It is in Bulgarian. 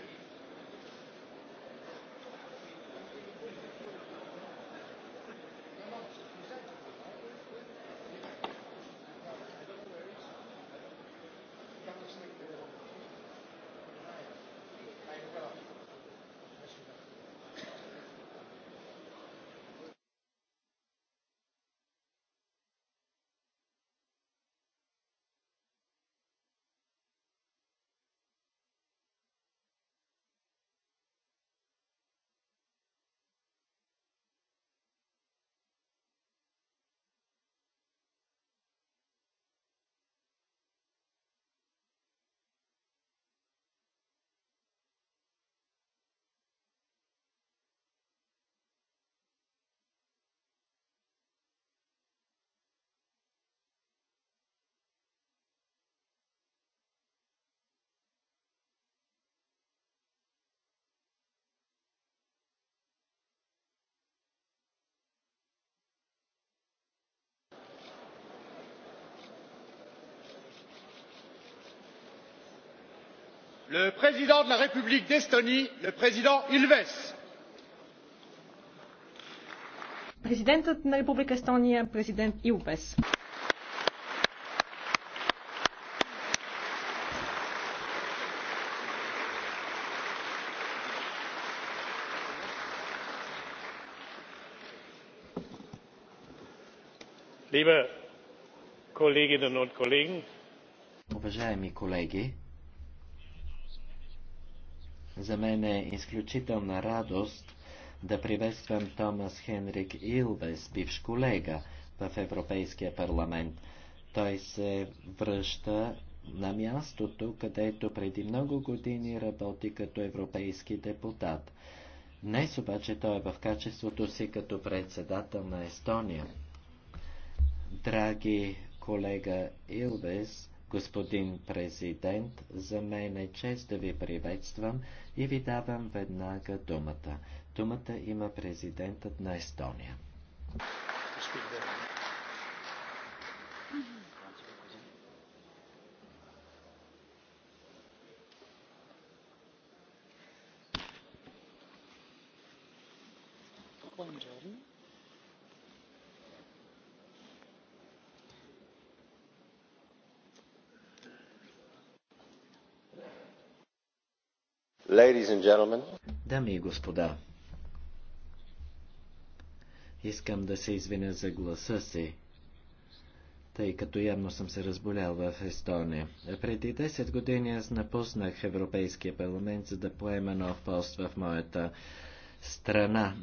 salir. le président de la république d'estonie le président ilves. президентът на република естония президент kolleginnen und kollegen за мен е изключителна радост да приветствам Томас Хенрик Илвес, бивш колега в Европейския парламент. Той се връща на мястото, където преди много години работи като европейски депутат. Днес обаче той е в качеството си като председател на Естония. Драги колега Илвес, Господин президент, за мен е чест да ви приветствам и ви давам веднага думата. Думата има президентът на Естония. Buongiorno. Дами и господа, искам да се извиня за гласа си, тъй като явно съм се разболял в Естония. Преди 10 години аз напуснах Европейския парламент, за да поема нов пост в моята страна.